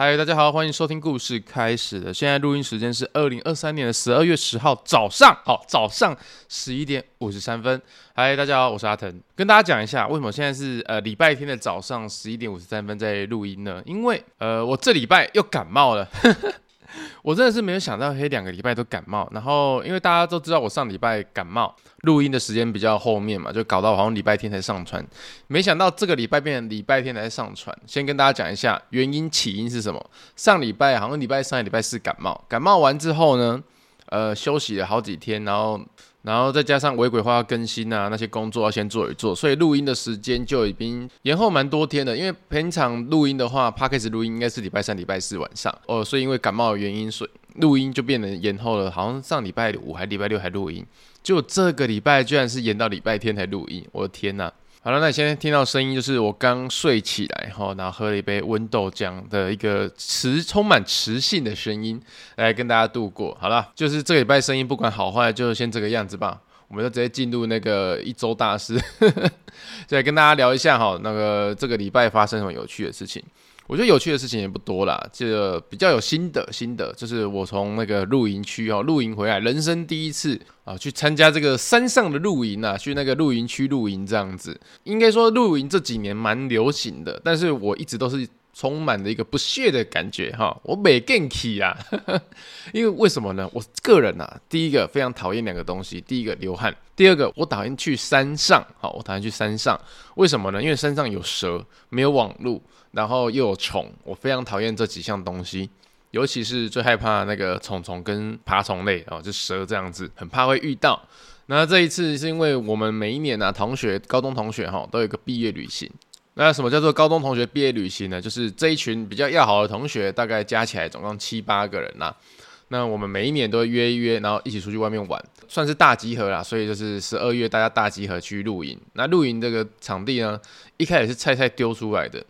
嗨，大家好，歡迎收聽故事開始了。現在錄音時間是二零二三年的十二月十號早上，好，早上十一點五十三分。嗨，大家好，我是阿騰，跟大家講一下為什麼現在是呃禮拜天的早上十一點五十三分在錄音呢？因為呃我這禮拜又感冒了。 我真的是沒有想到，可以兩個禮拜都感冒。然後，因為大家都知道我上禮拜感冒，錄音的時間比較後面嘛，就搞到我好像禮拜天才上傳。沒想到這個禮拜變成禮拜天才上傳。先跟大家講一下原因起因是什麼。上禮拜好像禮拜三、禮拜四感冒，感冒完之後呢，呃，休息了好幾天，然後。然後再加上尾鬼花更新啊，那些工作要先做一做，所以錄音的時間就已經延後蠻多天的。因為平常錄音的話 Podcast 錄音應該是禮拜三、禮拜四晚上哦，所以因為感冒的原因，所以錄音就變得延後了。好像上禮拜五還禮拜六還錄音，就這個禮拜居然是延到禮拜天才錄音，我的天哪、啊！好了，那你先聽到聲音，就是我剛睡起來，哈，然後喝了一杯溫豆漿的一個磁充滿磁性的聲音，來跟大家度過。好了，就是這個禮拜聲音不管好壞，就先這個樣子吧。我們就直接進入那個一周大，事，再跟大家聊一下哈，那個這個禮拜發生什麼有趣的事情。我覺得有趣的事情也不多啦，這個比較有心得，心得。就是我從那個露營區哦，露營回來，人生第一次啊，去參加這個山上的露營啊，去那個露營區露營這樣子。應該說露營這幾年蠻流行的，但是我一直都是。充滿了一個不屑的感覺哈，我沒 get 啊，哈哈 因為為什麼呢？我個人啊，第一個非常討厭兩個東西，第一個流汗，第二個我討厭去山上。好，我討厭去山上，為什麼呢？因為山上有蛇，沒有網路，然後又有蟲，我非常討厭這幾項東西，尤其是最害怕那個蟲蟲跟爬蟲類哦，就蛇這樣子，很怕會遇到。那這一次是因為我們每一年啊，同學，高中同學哈，都有一個畢業旅行。那什麼叫做高中同學畢業旅行呢？就是這一群比較要好的同學，大概加起來總共七八個人吶。那我們每一年都會約一約，然後一起出去外面玩，算是大集合啦。所以就是十二月大家大集合去露營。那露營這個場地呢，一開始是菜菜丟出來的。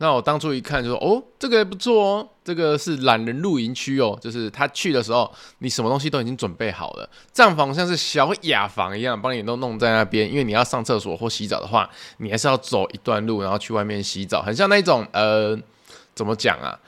那我當初一看就說，哦，這個也不錯哦，這個是懶人露營區哦，就是他去的時候，你什麼東西都已經準備好了，帳房像是小雅房一樣，幫你都弄，弄在那邊，因為你要上廁所或洗澡的話，你還是要走一段路，然後去外面洗澡，很像那種，呃，怎麼講啊？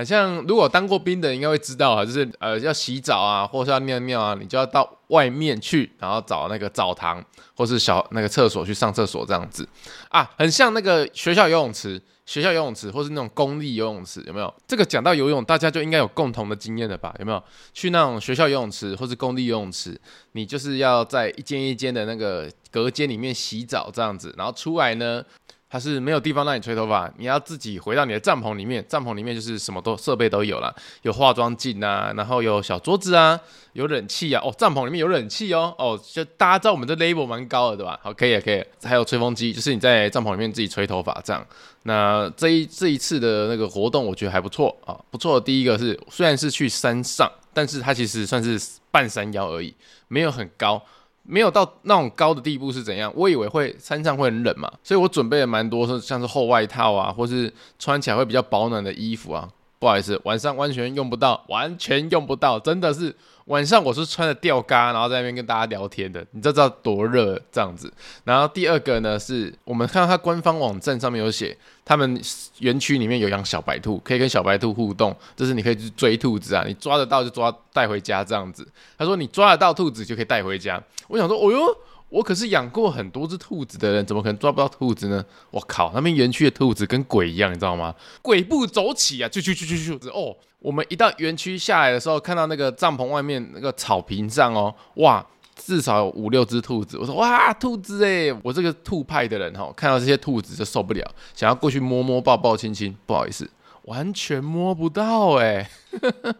好像如果當過兵的人應該會知道啊，就是呃要洗澡啊，或是要尿尿啊，你就要到外面去，然後找那個澡堂或是小那個廁所去上廁所這樣子啊，很像那個學校游泳池、學校游泳池或是那種公立游泳池，有沒有？這個講到游泳，大家就應該有共同的經驗了吧？有沒有？去那種學校游泳池或是公立游泳池，你就是要在一間一間的那個隔間裡面洗澡這樣子，然後出來呢？它是沒有地方讓你吹頭髮，你要自己回到你的帳篷裡面。帳篷裡面就是什麼都設備都有了，有化妝鏡啊，然後有小桌子啊，有冷氣啊。哦，帳篷裡面有冷氣哦、喔。哦，就大家知道我們這 label 蠻高的，對吧？好，可以啊，可以、啊。還有吹風機，就是你在帳篷裡面自己吹頭髮這樣。那這一這一次的那個活動，我覺得還不錯啊、哦，不錯的第一個是雖然是去山上，但是它其實算是半山腰而已，沒有很高。沒有到那種高的地步是怎樣？我以為會山上會很冷嘛，所以我準備了蠻多，像是厚外套啊，或是穿起來會比較保暖的衣服啊。不好意思，晚上完全用不到，完全用不到，真的是。晚上我是穿著吊嘎，然後在那邊跟大家聊天的，你知道知道多熱這樣子。然後第二個呢，是我們看到他官方網站上面有寫，他們園區裡面有養小白兔，可以跟小白兔互動，就是你可以去追兔子啊，你抓得到就抓帶回家這樣子。他說你抓得到兔子就可以帶回家。我想說，哦呦，我可是養過很多只兔子的人，怎麼可能抓不到兔子呢？我靠，那邊園區的兔子跟鬼一樣，你知道嗎？鬼步走起啊，去去去去去哦。我們一到園區下來的時候，看到那個帳篷外面那個草坪上哦，哇，至少有五六隻兔子。我說哇，兔子哎，我這個兔派的人哈，看到這些兔子就受不了，想要過去摸摸、抱抱、親親。不好意思，完全摸不到哎，哈哈，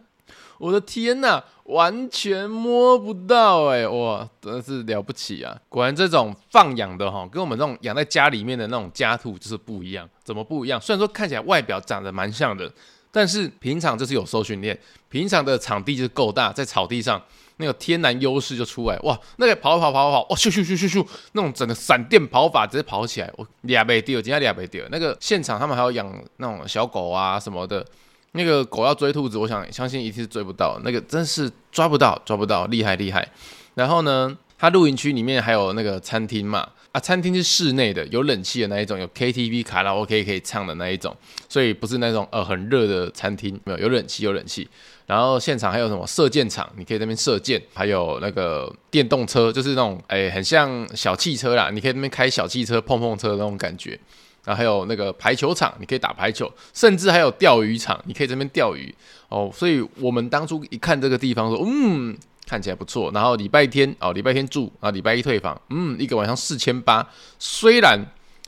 我的天哪，完全摸不到哎，哇，真的是了不起啊！果然這種放養的哈，跟我們這種養在家裡面的那種家兔就是不一樣。怎麼不一樣？雖然說看起來外表長得蠻像的。但是平常就是有受訓練，平常的場地就是夠大，在草地上，那個天然優勢就出來，哇，那個跑跑跑跑跑，哇、哦、咻咻咻咻咻，那種整個閃電跑法直接跑起來，我倆被丟，我今天倆被丟。那個現場他們還要養那種小狗啊什麼的，那個狗要追兔子，我想相信一定是追不到，那個真是抓不到，抓不到，厲害厲害。然後呢，它露營區裡面還有那個餐廳嘛。啊，餐廳是室內的，有冷氣的那一種，有 KTV 卡拉 OK 可以唱的那一種，所以不是那種呃很熱的餐廳，沒有，有冷氣有冷氣。然後現場還有什麼射箭場，你可以那邊射箭，還有那個電動車，就是那種哎、欸、很像小汽車啦，你可以那邊開小汽車碰碰車的那種感覺。然後還有那個排球場，你可以打排球，甚至還有釣魚場，你可以這邊釣魚哦。所以我們當初一看這個地方說，嗯。看起來不錯，然後禮拜天哦，禮拜天住啊，禮拜一退房，嗯，一個晚上四千八，雖然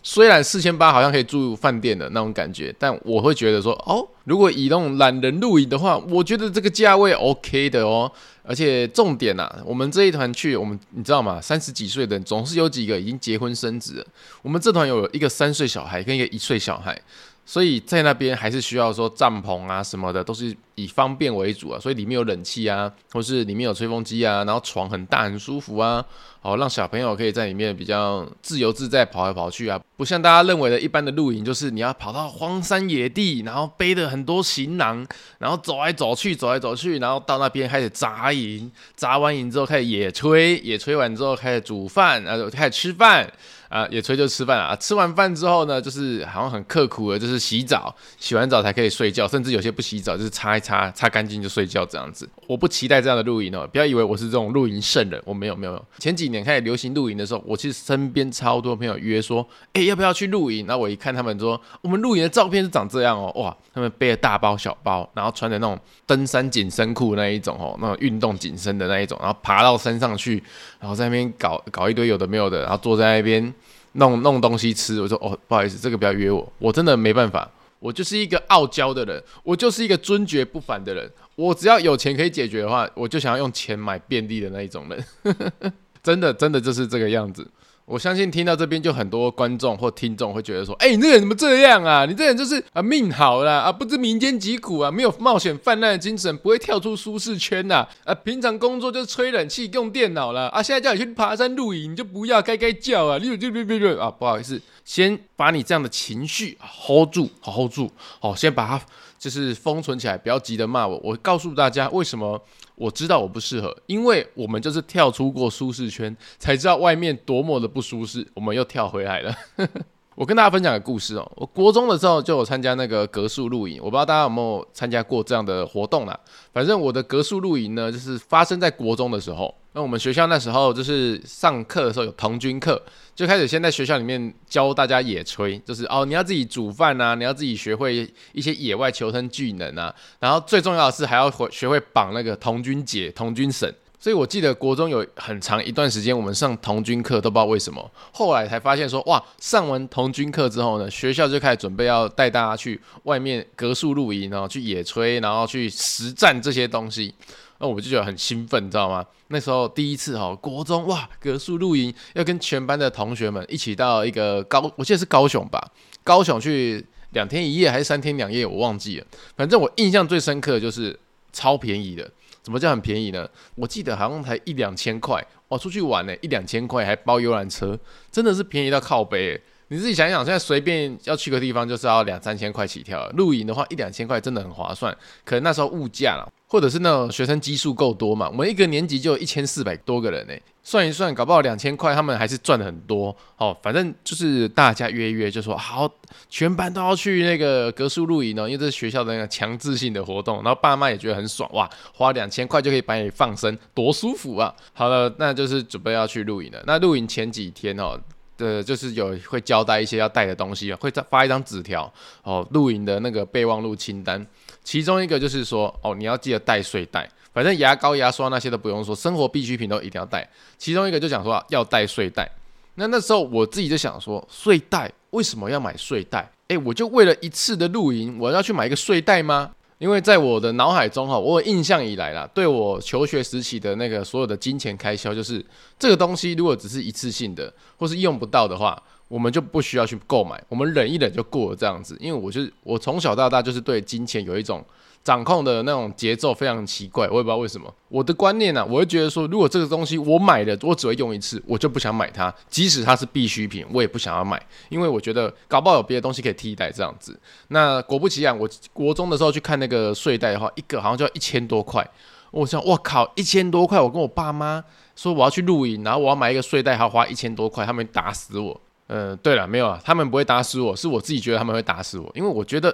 雖然四千八好像可以住飯店的那種感覺，但我會覺得說，哦，如果以那種懶人露營的話，我覺得這個價位 OK 的哦。而且重點啊，我們這一團去，我們你知道嗎？三十幾歲的人總是有幾個已經結婚生子了，我們這團有一個三歲小孩跟一個一歲小孩，所以在那邊還是需要說帳篷啊什麼的都是，以方便為主啊，所以裡面有冷氣啊，或是裡面有吹風機啊，然後床很大很舒服啊，好讓小朋友可以在裡面比較自由自在跑來跑去啊，不像大家認為的一般的露營，就是你要跑到荒山野地，然後背着很多行囊，然後走來走去走來走去，然後到那邊開始扎營，扎完營之後開始野炊，野炊完之後開始煮飯，啊，就開始吃飯啊，野炊就吃飯啊，啊，吃完飯之後呢，就是好像很刻苦的，就是洗澡，洗完澡才可以睡覺，甚至有些不洗澡就是擦。擦擦乾淨就睡覺，這樣子。我不期待這樣的露營哦。不要以為我是這種露營聖人，我沒有沒有。前幾年開始流行露營的時候，我其實身邊超多朋友約說，哎，要不要去露營？然後我一看他們說，我們露營的照片是長這樣哦，哇，他們背着大包小包，然後穿着那種登山緊身褲那一種哦，那種運動緊身的那一種，然後爬到山上去，然後在那邊搞搞一堆有的沒有的，然後坐在那邊弄弄東西吃。我說哦，不好意思，這個不要約我，我真的沒辦法。我就是一個傲嬌的人，我就是一個尊爵不凡的人，我只要有錢可以解決的話，我就想要用錢買便利的那一種人， 真的真的就是這個樣子。我相信聽到這邊就很多觀眾或聽眾會覺得說，哎、欸，你這人怎麼這樣啊？你這人就是啊命好啦，啊，不知民間疾苦啊，沒有冒險犯難的精神，不會跳出舒適圈吶、啊。啊，平常工作就是吹冷氣用電腦啦。啊，現在叫你去爬山露營，你就不要該該叫啊，溜溜溜溜溜啊，不好意思。先把你這樣的情緒 hold 住，好 hold 住，好，先把它就是封存起來，不要急着罵我。我告訴大家，為什麼我知道我不適合，因為我們就是跳出過舒適圈，才知道外面多麼的不舒適，我們又跳回來了，呵呵。我跟大家分享個故事哦、喔，我國中的時候就有參加那個隔宿露營，我不知道大家有沒有參加過這樣的活動啦、啊。反正我的隔宿露營呢，就是發生在國中的時候。那我們學校那時候，就是上課的時候有童軍課，就開始先在學校裡面教大家野炊，就是哦，你要自己煮飯啊，你要自己學會一些野外求生技能啊，然後最重要的是還要會學會綁那個童軍結、童軍繩。所以我記得國中有很長一段時間，我們上童軍課都不知道為什麼，後來才發現說，哇，上完童軍課之後呢，學校就開始準備要帶大家去外面隔宿露營，然後去野炊，然後去實戰這些東西。那我就覺得很興奮，你知道嗎？那時候第一次哈國中哇隔宿露營，要跟全班的同學們一起到一個高，我記得是高雄吧，高雄去兩天一夜還是三天兩夜，我忘記了。反正我印象最深刻的就是超便宜的。怎麼叫很便宜呢？我記得好像才一兩千塊哦，出去玩呢，一兩千塊還包遊覽車，真的是便宜到靠北。你自己想想，現在隨便要去個地方就是要兩三千塊起跳，露營的話，一兩千塊真的很划算。可能那時候物價。或者是那種學生基數夠多嘛，我們一個年級就有一千四百多個人哎、欸，算一算，搞不好兩千塊，他們還是賺很多哦。反正就是大家約一約，就說好，全班都要去那個格樹露營哦，因為這是學校的那個強制性的活動。然後爸媽也覺得很爽哇，花兩千塊就可以把你放生，多舒服啊！好了，那就是準備要去露營了。那露營前幾天哦，呃，就是有會交代一些要帶的東西，會再發一張紙條哦，露營的那個備忘錄清單。其中一個就是說，哦，你要記得帶睡袋，反正牙膏、牙刷那些都不用說，生活必需品都一定要帶。其中一個就講說，啊，要帶睡袋，那那時候我自己就想說，睡袋為什麼要買睡袋？哎，欸，我就為了一次的露營，我要去買一個睡袋嗎？因為在我的腦海中哈，我有印象以來啦，對我求學時期的那個所有的金錢開銷，就是這個東西如果只是一次性的或是用不到的話，我們就不需要去購買，我們忍一忍就過了這樣子。因為我就是我從小到大就是對金錢有一種掌控的那種節奏非常奇怪，我也不知道為什麼。我的觀念呢、啊，我會覺得說，如果這個東西我買了，我只會用一次，我就不想買它。即使它是必需品，我也不想要買，因為我覺得搞不好有別的東西可以替代這樣子。那果不其然，我國中的時候去看那個睡袋的話，一個好像就要一千多塊。我想，我靠，一千多塊！我跟我爸媽說我要去露營，然後我要買一個睡袋，還要花一千多塊，他們打死我。呃、嗯，對了，沒有啊，他們不會打死我，是我自己覺得他們會打死我，因為我覺得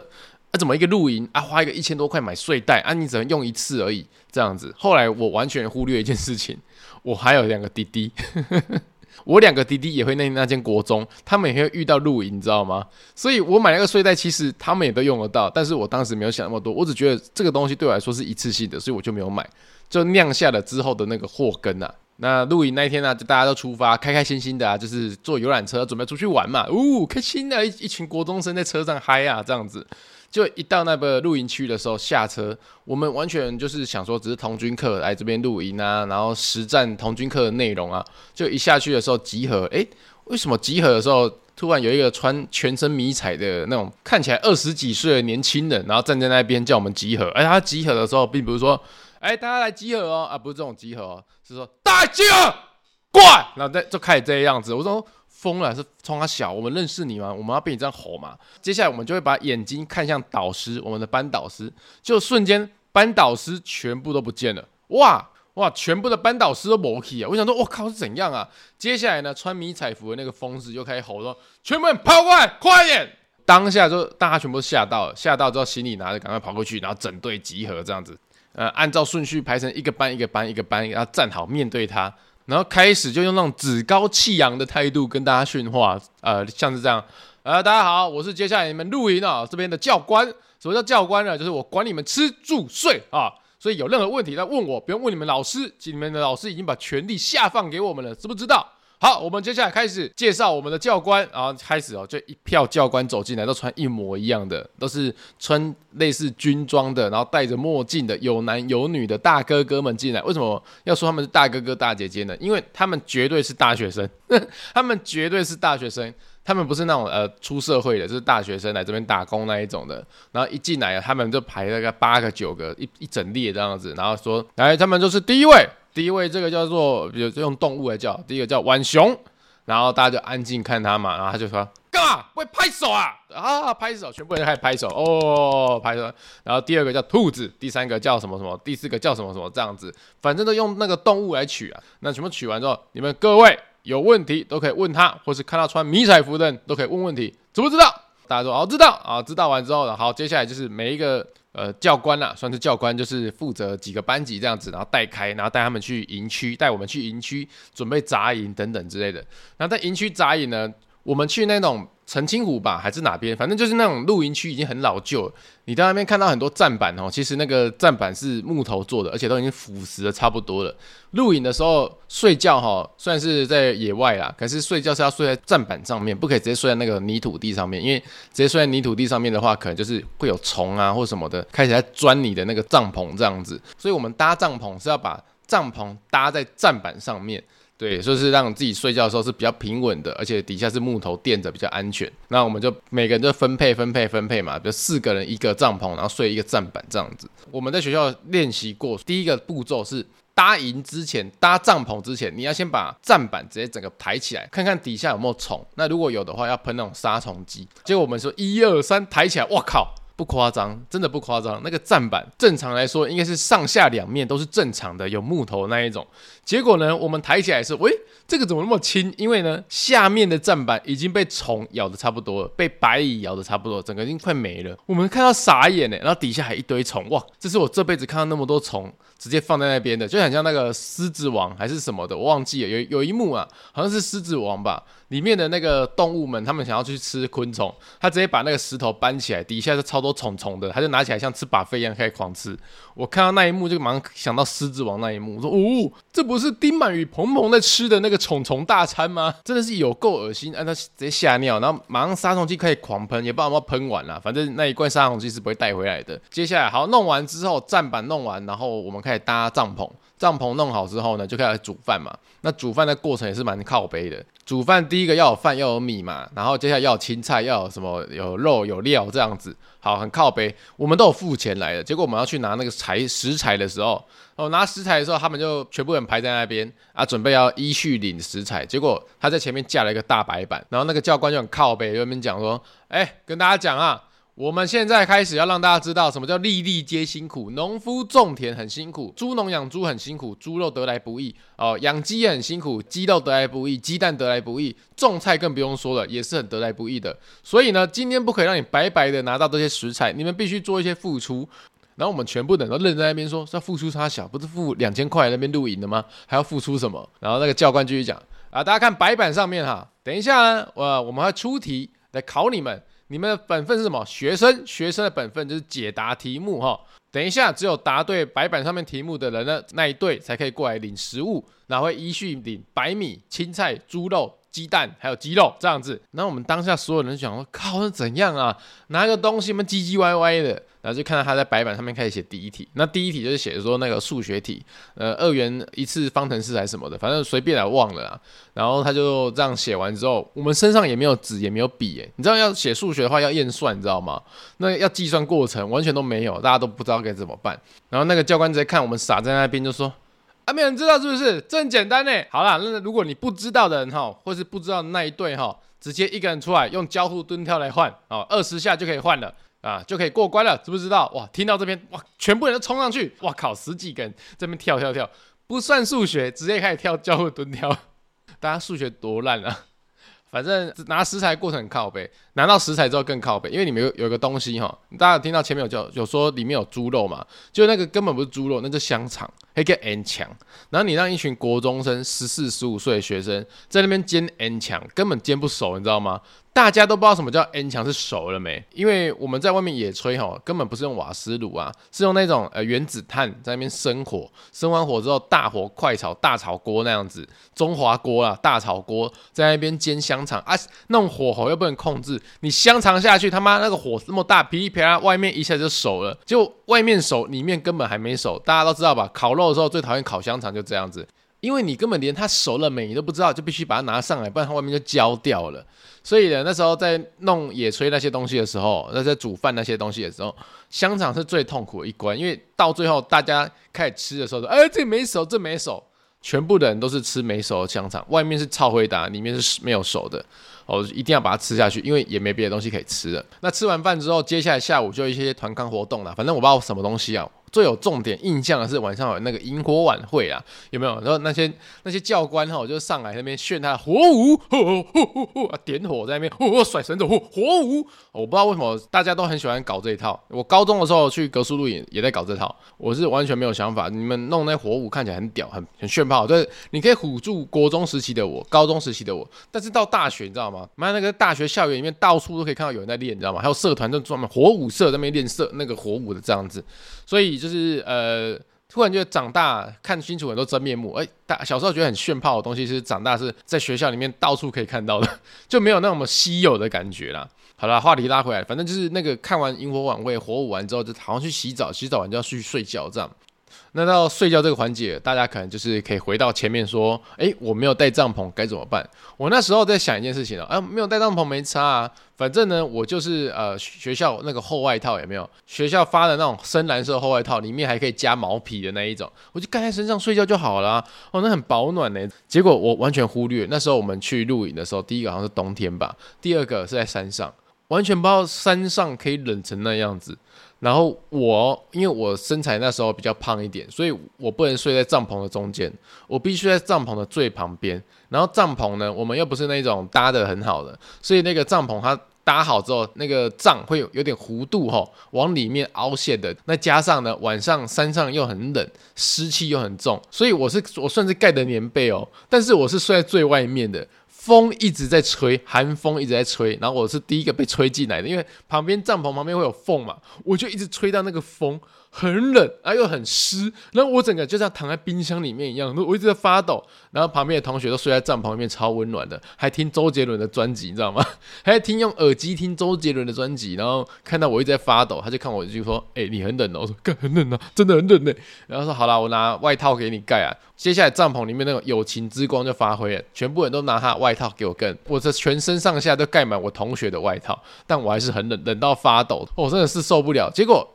啊，怎麼一個露營啊，花一個一千多塊買睡袋啊，你只能用一次而已，這樣子。後來我完全忽略一件事情，我還有兩個弟弟， 我兩個弟弟也會那那間國中，他們也會遇到露營，你知道嗎？所以我買那個睡袋，其實他們也都用得到，但是我當時沒有想那麼多，我只覺得這個東西對我來說是一次性的，所以我就沒有買，就釀下了之後的那個禍根啊。那露營那一天呢、啊，就大家都出發，開開心心的啊，就是坐遊覽車準備出去玩嘛。哦，開心的、啊、一,一群國中生在車上嗨啊，這樣子。就一到那個露營區的時候下車，我們完全就是想說，只是童軍課來這邊露營啊，然後實戰童軍課的內容啊。就一下去的時候集合，誒、欸、為什麼集合的時候突然有一個穿全身迷彩的那種看起來二十幾歲的年輕人，然後站在那邊叫我們集合？而、欸、他集合的時候並不是說。哎、欸，大家來集合哦！啊，不是這種集合哦，是說大家集合過來，然後就就開始這樣子。我說瘋了，是沖他小。我們認識你嗎？我們要被你這樣吼嘛。接下來我們就會把眼睛看向導師，我們的班導師就瞬間班導師全部都不見了。哇哇，全部的班導師都魔氣啊！我想說，我靠，是怎樣啊？接下來呢，穿迷彩服的那個瘋子就開始吼說：“全部人跑過來，快一點！”當下就大家全部嚇到了，嚇到之後行李拿着趕快跑過去，然後整隊集合這樣子。呃，按照順序排成一個班一個班一個班，然後站好面對他，然後開始就用那種趾高氣揚的態度跟大家訓話。呃，像是這樣。呃，大家好，我是接下來你們露營啊、喔、這邊的教官。什麼叫教官呢？就是我管你們吃住睡啊、喔。所以有任何問題要問我，不用問你們老師，請你們的老師已經把權力下放給我們了，知不知道？好，我們接下來開始介紹我們的教官，然後開始哦，就一票教官走進來，都穿一模一樣的，都是穿類似軍裝的，然後戴着墨鏡的，有男有女的大哥哥們進來。為什麼要說他們是大哥哥大姐姐呢？因為他們絕對是大學生，他們絕對是大學生，他們不是那種呃出社會的，就是大學生來這邊打工那一種的。然後一進來，他們就排了個八個九個一一整列這樣子，然後說來，他們就是第一位。第一位，這個叫做，比如用動物來叫，第一個叫浣熊，然後大家就安靜看他嘛，然後他就說幹嘛？會拍手啊？啊，拍手，全部人開始拍手哦，拍手。然後第二個叫兔子，第三個叫什麼什麼，第四個叫什麼什麼這樣子，反正都用那個動物來取啊。那全部取完之後，你們各位有問題都可以問他，或是看到穿迷彩服的人都可以問問題，知不知道？大家說哦知道啊？知道完之後呢，好，接下來就是每一個。呃，教官啦、啊，算是教官，就是負責幾個班級這樣子，然後帶開，然後帶他們去營區，帶我們去營區準備紮營等等之類的。然後在營區紮營呢，我們去那種。澄清湖吧，還是哪邊？反正就是那種露營區已經很老舊了。你到那邊看到很多棧板哦，其實那個棧板是木頭做的，而且都已經腐蝕得差不多了。露營的時候睡覺哈，雖然是在野外啦，可是睡覺是要睡在棧板上面，不可以直接睡在那個泥土地上面，因為直接睡在泥土地上面的話，可能就是會有蟲啊或什麼的，開始在鑽你的那個帳篷這樣子。所以我們搭帳篷是要把帳篷搭在棧板上面。對，就是讓自己睡覺的時候是比較平穩的，而且底下是木頭墊着比較安全。那我們就每個人都分配分配分配嘛，就四個人一個帳篷，然後睡一個棧板這樣子。我們在學校練習過，第一個步驟是搭營之前搭帳篷之前，你要先把棧板直接整個抬起來，看看底下有沒有蟲。那如果有的話，要噴那種殺蟲劑。結果我們說一二三，抬起來，我靠！不誇張，真的不誇張。那個棧板正常來說應該是上下兩面都是正常的，有木頭那一種。結果呢，我們抬起來是，喂、欸，這個怎麼那麼輕？因為呢，下面的棧板已經被蟲咬的差不多了，被白蟻咬的差不多，整個已經快沒了。我們看到傻眼呢，然後底下還一堆蟲哇！這是我這輩子看到那麼多蟲直接放在那邊的，就很像那個《獅子王》還是什麼的，我忘記了。有有一幕啊，好像是《獅子王》吧，裡面的那個動物們，他們想要去吃昆蟲，他直接把那個石頭搬起來，底下是超多。蟲蟲的，他就拿起來像吃巴菲一樣開始狂吃。我看到那一幕就馬上想到獅子王那一幕，我說：“哦，這不是丁滿與彭彭在吃的那個蟲蟲大餐嗎？”真的是有夠噁心，讓、啊、他直接嚇尿，然後馬上殺蟲劑可以狂噴，也不知道好不好噴完啦。反正那一罐殺蟲劑是不會帶回來的。接下來好弄完之後，站板弄完，然後我們開始搭帳篷。帳篷弄好之後呢，就開始煮飯嘛。那煮飯的過程也是蠻靠北的。煮飯第一個要有飯，要有米嘛，然後接下來要有青菜，要有什麼，有肉，有料這樣子，好，很靠北。我們都有付錢來的，結果我們要去拿那個材食材的時候，哦，拿食材的時候，他們就全部人排在那邊啊，準備要依序領食材。結果他在前面架了一個大白板，然後那個教官就很靠北，就在那邊講說，哎，跟大家講啊。我們現在開始要讓大家知道什麼叫粒粒皆辛苦。農夫種田很辛苦，豬農養豬很辛苦，豬肉得來不易哦。養雞也很辛苦，雞肉得來不易，雞蛋得來不易，種菜更不用說了，也是很得來不易的。所以呢，今天不可以讓你白白的拿到這些食材，你們必須做一些付出。然後我們全部等都愣在那邊說，是要付出啥小，不是付兩千塊在那邊露營的嗎？還要付出什麼？然後那個教官繼續講啊，大家看白板上面哈，等一下呢，我我們會出題來考你們。你們的本分是什麼？學生學生的本分就是解答題目哈。等一下，只有答對白板上面題目的人呢，那一隊才可以過來領食物，然後會依序領白米、青菜、豬肉。雞蛋還有雞肉這樣子，然後我們當下所有人想說，靠，那怎樣啊？拿個東西嘛，唧唧歪歪的，然後就看到他在白板上面開始寫第一題，那第一題就是寫說那個數學題，呃，二元一次方程式還是什麼的，反正隨便來忘了啦。然後他就這樣寫完之後，我們身上也沒有紙也沒有筆，誒，你知道要寫數學的話要驗算，你知道嗎？那個要計算過程完全都沒有，大家都不知道該怎麼辦。然後那個教官在看我們傻在那邊，就說。還、啊、沒有人知道是不是？這很簡單呢。好啦，那如果你不知道的人哈，或是不知道那一隊哈，直接一個人出來用交互蹲跳來換哦，二、喔、十下就可以換了啊，就可以過關了，知不知道？哇，聽到這邊哇，全部人都衝上去，哇靠，十幾個人這邊跳跳跳，不算數學，直接開始跳交互蹲跳，大家數學多爛啊，反正拿食材過程靠杯。拿到食材之後更靠北，因為裡面有有個東西哈，大家聽到前面有叫有說裡面有豬肉嘛，就那個根本不是豬肉，那是香腸，一個 N 腸，然後你讓一群國中生十四十五歲的學生在那邊煎 N 腸，根本煎不熟，你知道嗎？大家都不知道什麼叫 N 腸是熟了沒？因為我們在外面野炊哈，根本不是用瓦斯爐啊，是用那種呃原子炭在那邊生火，生完火之後大火快炒大炒鍋那樣子中華鍋啊大炒鍋在那邊煎香腸啊，那種火候又不能控制。你香腸下去，他媽那個火那麼大，噼里啪啦，外面一下就熟了，就外面熟，裡面根本還沒熟。大家都知道吧？烤肉的時候最討厭烤香腸，就這樣子，因為你根本連它熟了沒你都不知道，就必須把它拿上來，不然它外面就焦掉了。所以呢，那時候在弄野炊那些東西的時候，那在煮飯那些東西的時候，香腸是最痛苦的一關，因為到最後大家開始吃的時候說：“哎、欸，這沒熟，這沒熟。”全部的人都是吃沒熟的香腸，外面是超回答，裡面是沒有熟的哦，一定要把它吃下去，因為也沒別的東西可以吃了。那吃完飯之後，接下來下午就一些團康活動啦，反正我不知道什麼東西啊。最有重點印象的是晚上有那個營火晚會啦，有沒有？然後那些那些教官哈，我就上來那邊炫他的火舞呵呵呵呵，啊，點火在那邊，甩繩子，火舞、哦。我不知道為什麼大家都很喜歡搞這一套。我高中的時候去隔宿露營也在搞這套，我是完全沒有想法。你們弄那火舞看起來很屌，很很炫炮，就是你可以唬住國中時期的我，高中時期的我，但是到大學你知道嗎？媽那個大學校園裡面到處都可以看到有人在練，你知道嗎？還有社團就專門火舞社在那邊練社那個火舞的這樣子，所以。就是呃，突然覺得長大看清楚很多真面目，哎、欸，大、小時候覺得很炫酷的東西，其實長大是在學校裡面到處可以看到的，就沒有那麼稀有的感覺啦。好啦，話題拉回來，反正就是那個看完營火晚會、火舞完之後，就好像去洗澡，洗澡完就要去睡覺，這樣。那到睡覺這個環節，大家可能就是可以回到前面說，哎、欸，我沒有帶帳篷該怎麼辦？我那時候在想一件事情啊，啊，沒有帶帳篷沒差，啊，反正呢，我就是呃學校那個厚外套有沒有？學校發的那種深藍色厚外套，裡面還可以加毛皮的那一種，我就蓋在身上睡覺就好了、啊。哦，那很保暖呢、欸。結果我完全忽略，那時候我們去露營的時候，第一個好像是冬天吧，第二個是在山上，完全不知道山上可以冷成那樣子。然後我，因為我身材那時候比較胖一點，所以我不能睡在帳篷的中間，我必須在帳篷的最旁邊。然後帳篷呢，我們又不是那種搭的很好的，所以那個帳篷它搭好之後，那個帳會有點弧度吼、哦、往裡面凹陷的。那加上呢，晚上山上又很冷，濕氣又很重，所以我是我算是蓋的棉被哦，但是我是睡在最外面的。風一直在吹，寒風一直在吹，然後我是第一個被吹進來的，因為旁邊帳篷旁邊會有縫嘛，我就一直吹到那個風。很冷啊，又很濕，然後我整個就像躺在冰箱裡面一樣，我一直在發抖。然後旁邊的同學都睡在帳篷裡面，超溫暖的，還聽周杰倫的專輯，你知道嗎？還在聽用耳機聽周杰倫的專輯。然後看到我一直在發抖，他就看我，就說：“哎，你很冷哦。”我說：“幹很冷啊，真的很冷呢。”然後說：“好啦，我拿外套給你蓋啊。”接下來帳篷裡面那個友情之光就發揮了，全部人都拿他外套給我蓋，我的全身上下都蓋滿我同學的外套，但我還是很冷，冷到發抖，喔，我真的是受不了。結果。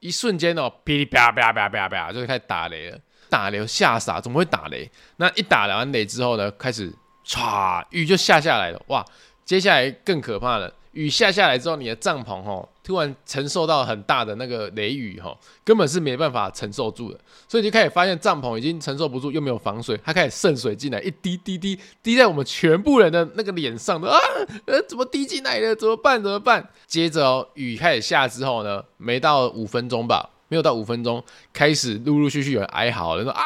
一瞬間哦，噼里啪啦啪啦啪啪就開始打雷了。打雷我嚇傻，怎麼會打雷？那一打完雷之後呢，開始唰，雨就下下來了。哇，接下來更可怕了。雨下下來之後，你的帳篷哦，突然承受到很大的那個雷雨吼，根本是沒辦法承受住的，所以就開始發現帳篷已經承受不住，又沒有防水，它開始滲水進來，一滴滴滴滴在我們全部人的那個臉上的啊，呃，怎麼滴進來了？怎麼辦？怎麼辦？接着哦，雨開始下之後呢，沒到五分鐘吧，沒有到五分鐘，開始陸陸續續有人哀嚎，就說啊。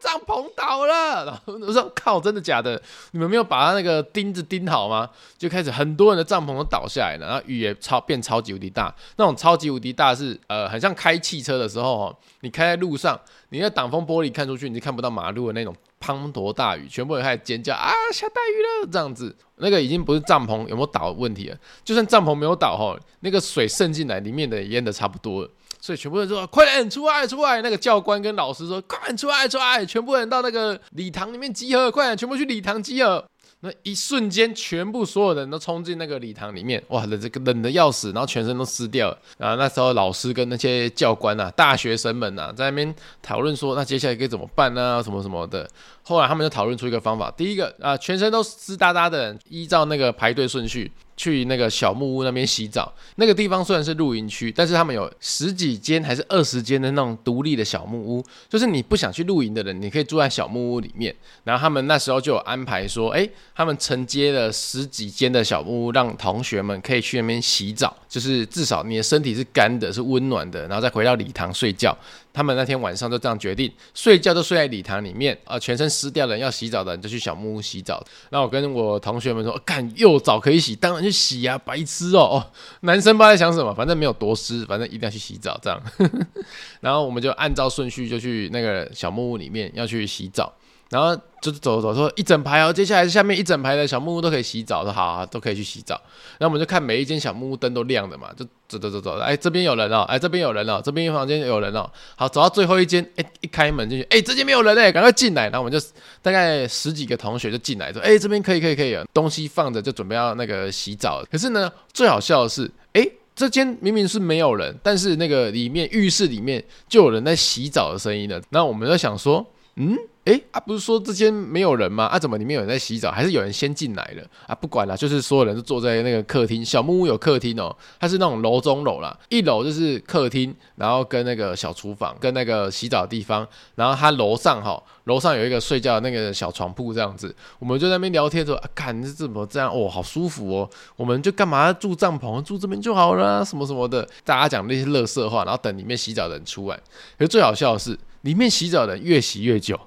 帳篷倒了，然後我說靠，真的假的？你們沒有把他那個釘子釘好嗎？就開始很多人的帳篷都倒下來了，然後雨也超變超級無敵大，那種超級無敵大是呃，很像開汽車的時候哦，你開在路上，你的擋風玻璃看出去你就看不到馬路的那種滂沱大雨，全部人開始尖叫啊，下大雨了！這樣子，那個已經不是帳篷有沒有倒的問題了，就算帳篷沒有倒哈，那個水滲進來，裡面的也淹得差不多了。所以全部人說：“快點出來，出來！”那個教官跟老師說：“快點出來，出來！”全部人到那個禮堂裡面集合，快點，全部去禮堂集合。那一瞬間，全部所有人都衝進那個禮堂裡面，哇，冷這個冷的要死，然後全身都濕掉了。啊，那時候老師跟那些教官啊、大學生們吶、啊，在那邊討論說：“那接下來該怎麼辦呢、啊？什麼什麼的。”後來他們就討論出一個方法：第一個啊，全身都濕噠噠的人，依照那個排隊順序。去那個小木屋那邊洗澡，那個地方雖然是露營區，但是他們有十幾間還是二十間的那種獨立的小木屋，就是你不想去露營的人，你可以住在小木屋裡面。然後他們那時候就有安排說，誒，他們承接了十幾間的小木屋，讓同學們可以去那邊洗澡，就是至少你的身體是乾的，是溫暖的，然後再回到禮堂睡覺。他們那天晚上就這樣決定，睡覺都睡在禮堂裡面啊、呃，全身濕掉的要洗澡的人就去小木屋洗澡。然後我跟我同學們說：“哦、幹，有澡可以洗，當然去洗啊，白痴哦，哦！”男生不知道在想什麼，反正沒有多濕，反正一定要去洗澡這樣。 然後我們就按照順序就去那個小木屋裡面要去洗澡。然後就走走走，說一整排哦，接下來下面一整排的小木屋都可以洗澡，說好啊，都可以去洗澡。那我們就看每一間小木屋燈都亮的嘛，就走走走走，哎，這邊有人了哦，哎，這邊有人了哦，這邊一房間有人了哦。好，走到最後一間，哎，一開門進去，哎，這間沒有人咧，趕快進來。然後我們就大概十幾個同學就進來，說，哎，這邊可以可以可以哦，東西放着就準備要那個洗澡。可是呢，最好笑的是，哎，這間明明是沒有人，但是那個裡面浴室裡面就有人在洗澡的聲音了，那我們就想說，嗯。哎啊，不是說這間沒有人嗎？啊，怎麼裡面有人在洗澡？還是有人先進來了？啊，不管了，就是所有人都坐在那個客廳，小木屋有客廳哦，它是那種樓中樓啦，一樓就是客廳，然後跟那個小廚房，跟那個洗澡的地方，然後它樓上哈、哦，樓上有一個睡覺的那個小床鋪這樣子，我們就在那邊聊天說，啊，看你是怎麼這樣，哦，好舒服哦，我們就幹嘛住帳篷住這邊就好了、啊，什麼什麼的，大家講那些垃圾話，然後等裡面洗澡的人出來，可是最好笑的是，裡面洗澡的人越洗越久。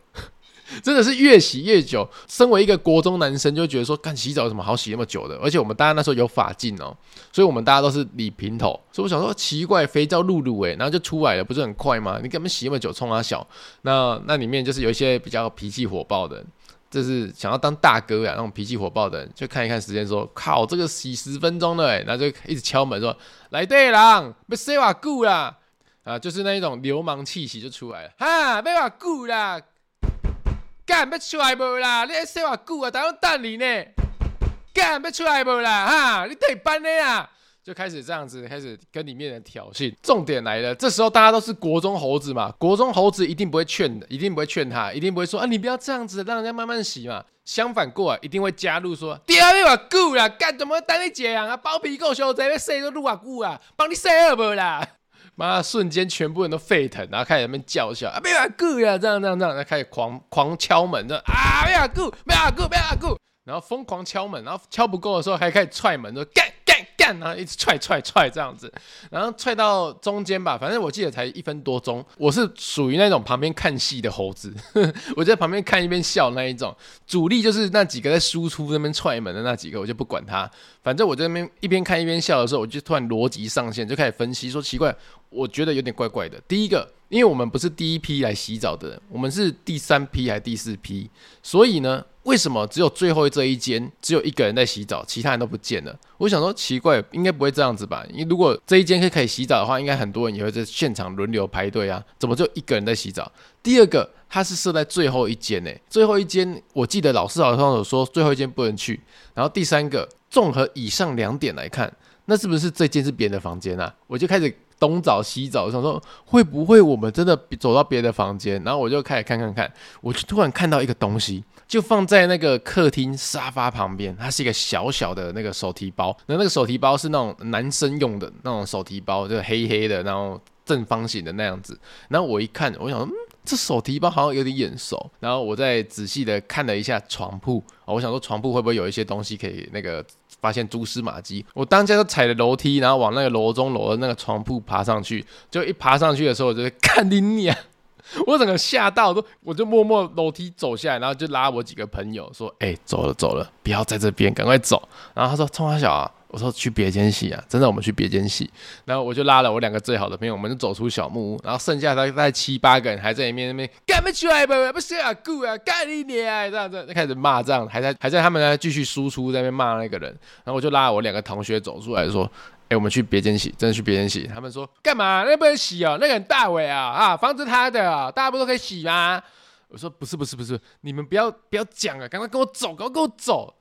真的是越洗越久。身為一個國中男生，就覺得說，幹洗澡有什麼好洗那麼久的？而且我們大家那時候有髮禁哦，所以我們大家都是理平頭。所以我想說，奇怪，肥皂露露誒、欸，然後就出來了，不是很快嗎？你幹嘛洗那麼久，衝三小？那那裡面就是有一些比較脾氣火爆的，就是想要當大哥呀，那種脾氣火爆的人就看一看時間，說靠，這個洗十分鐘了、欸，然後就一直敲門說，來對了，被誰挖固了？啊，就是那一種流氓氣息就出來了，哈，被挖固了。幹不出來不啦！你還說我古啊，大家都等你呢。幹不出來不啦哈！你退班的啊？就開始這樣子，開始跟裡面的挑釁。重點來了，這時候大家都是國中猴子嘛，國中猴子一定不會勸的，一定不會勸他，一定不會說啊，你不要這樣子，讓人家慢慢洗嘛。相反過來，一定會加入說，屌你個古啦！幹什、啊、麼等你一個人啊？包皮夠小賊，要都錄阿古啊，幫你洗好無啦？媽，瞬間全部人都沸騰，然後開始在那邊叫囂，啊、沒有阿古呀，這樣這樣這樣，然後開始狂狂敲門這，啊，沒有阿古，沒有阿古，沒有阿古，然後瘋狂敲門，然後敲不夠的時候還開始踹門，說幹干干，然後一直踹踹踹這樣子，然後踹到中間吧，反正我記得才一分多鐘，我是屬於那種旁邊看戲的猴子， 我在旁邊看一邊笑那一種，主力就是那幾個在輸出那邊踹門的那幾個，我就不管他。反正我在那邊一邊看一邊笑的時候，我就突然邏輯上線，就開始分析，說奇怪，我覺得有點怪怪的。第一個，因為我們不是第一批來洗澡的人，我們是第三批還是第四批？所以呢，為什麼只有最後這一間只有一個人在洗澡，其他人都不見了？我想說奇怪，應該不會這樣子吧？因為如果這一間可以，可以洗澡的話，應該很多人也會在現場輪流排隊啊，怎麼就一個人在洗澡？第二個，它是設在最後一間呢，最後一間我記得老師好像有說最後一間不能去。然後第三個。綜合以上兩點來看，那是不是這間是別人的房間啊？我就開始東找西找，想說會不會我們真的走到別的房間？然後我就開始看看看，我就突然看到一個東西，就放在那個客廳沙發旁邊，它是一個小小的那個手提包。那那個手提包是那種男生用的那種手提包，就是黑黑的，然後正方形的那樣子。然後我一看，我想說，嗯，這手提包好像有點眼熟。然後我再仔細的看了一下床鋪，我想說床鋪會不會有一些東西可以那個。發現蛛絲馬跡，我當下就踩着樓梯，然後往那個樓中樓的那個床鋪爬上去。就一爬上去的時候，我就看你娘我整個嚇到都，我就默默樓梯走下來，然後就拉我幾個朋友說：“哎，走了走了，不要在這邊，趕快走。”然後他說：“衝三小啊。”我說去別間洗啊！真的，我們去別間洗。然後我就拉了我兩個最好的朋友，我們就走出小木屋。然後剩下大概七八個人還在裡面那邊幹不出來，不不不學啊，夠啊，幹你娘、啊！這樣子開始罵，這樣還在還在他們在繼續輸出，在那邊罵那個人。然後我就拉了我兩個同學走出來說：“哎，我們去別間洗，真的去別間洗。”他們說：“幹嘛？那個、不能洗哦，那個很大尾啊、哦、啊，房子他的、哦，啊大家不都可以洗嗎？”我說：“不是，不是，不是，你們不要不要講啊，趕快跟我走，趕快跟我走。”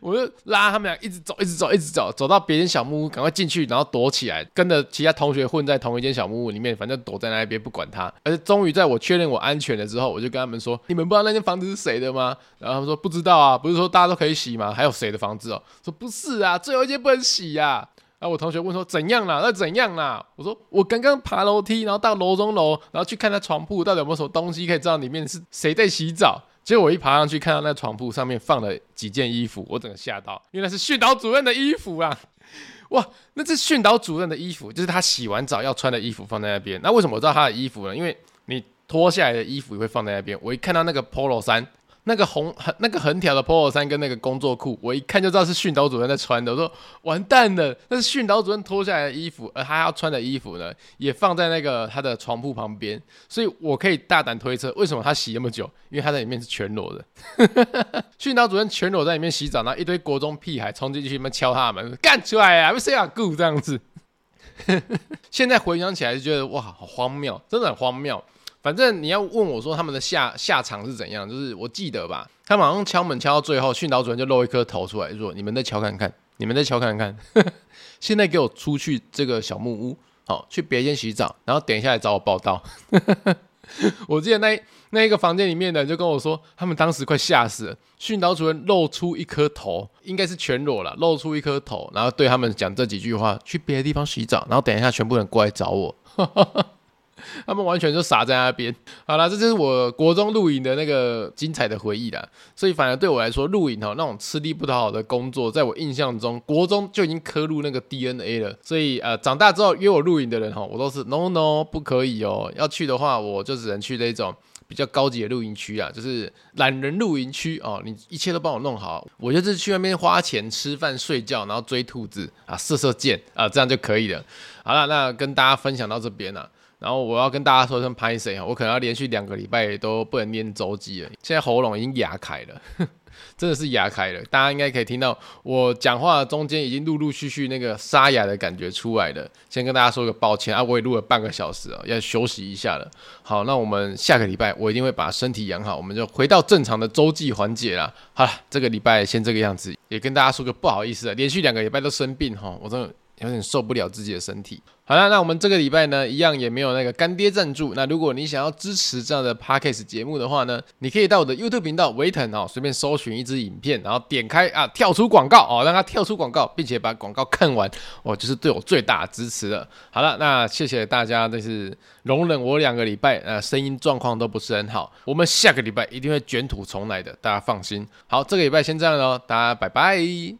我就拉他們倆一直走，一直走，一直走，走到別人小木屋，趕快進去，然後躲起來，跟着其他同學混在同一間小木屋裡面，反正躲在那一邊不管他。而且終於在我確認我安全了之後，我就跟他們說：“你們不知道那間房子是誰的嗎？”然後他們說：“不知道啊，不是說大家都可以洗嗎？還有誰的房子哦？”說：“不是啊，最後一間不能洗啊。”然後我同學問說：“怎樣啦？那怎樣啦？”我說：“我剛剛爬樓梯，然後到樓中樓，然後去看他床鋪到底有沒有什麼東西可以知道裡面是誰在洗澡。”結果我一爬上去，看到那床鋪上面放了幾件衣服，我整個嚇到，原來是訓導主任的衣服啊！哇，那是訓導主任的衣服，就是他洗完澡要穿的衣服放在那邊。那為什麼我知道他的衣服呢？因為你脫下來的衣服也會放在那邊。我一看到那個 Polo 衫。那個紅、那個橫條的 Polo 衫跟那個工作褲，我一看就知道是訓導主任在穿的。我說完蛋了，那是訓導主任脫下來的衣服，而他要穿的衣服呢，也放在那個他的床鋪旁邊。所以我可以大膽推測，為什麼他洗那麼久？因為他在裡面是全裸的。訓 導主任全裸在裡面洗澡，然後一堆國中屁孩衝進去，裡面敲他的門，幹出來啊，沒洗啊，夠這樣子。 現在回想起來就覺得哇，好荒謬，真的很荒謬。反正你要問我說他們的下下場是怎樣，就是我記得吧，他馬上敲門敲到最後，訓導主任就露一顆頭出來，說：“你們再敲看看，你們再敲看看。呵呵”現在給我出去這個小木屋，好，去別間洗澡，然後等一下來找我報到。我記得那那一個房間裡面的人就跟我說，他們當時快嚇死了，訓導主任露出一顆頭，應該是全裸了，露出一顆頭，然後對他們講這幾句話：去別的地方洗澡，然後等一下全部人過來找我。呵呵呵他們完全就傻在那邊。好了，這就是我國中露營的那個精彩的回憶啦。所以，反而對我來說，露營哦、喔、那種吃力不討好的工作，在我印象中，國中就已經刻入那個 DNA 了。所以，呃，長大之後約我露營的人哈、喔，我都是 no no，不可以哦、喔。要去的話，我就只能去那種比較高級的露營區啊，就是懶人露營區哦。你一切都幫我弄好，我就是去那邊花錢吃飯睡覺，然後追兔子啊，射射箭啊，這樣就可以了。好了，那跟大家分享到這邊了啊，然後我要跟大家說聲拍謝啊，我可能要連續兩個禮拜都不能念周記了，現在喉嚨已經啞開了，真的是啞開了。大家應該可以聽到我講話的中間已經陸陸續續那個沙啞的感覺出來了。先跟大家說個抱歉啊，我也錄了半個小時啊，要休息一下了。好，那我們下個禮拜我一定會把身體養好，我們就回到正常的周記環節了。好了，這個禮拜先這個樣子，也跟大家說個不好意思啊，連續兩個禮拜都生病哈，我真的。有點受不了自己的身體。好了，那我們這個禮拜呢，一樣也沒有那個乾爹贊助。那如果你想要支持這樣的 Podcast 節目的話呢，你可以到我的 YouTube 頻道微騰哦，隨便搜尋一支影片，然後點開啊，跳出廣告哦，讓它跳出廣告，並且把廣告看完，哦，就是對我最大的支持了。好了，那謝謝大家，都是容忍我兩個禮拜，呃，聲音狀況都不是很好。我們下個禮拜一定會卷土重來的，大家放心。好，這個禮拜先這樣咯，大家拜拜。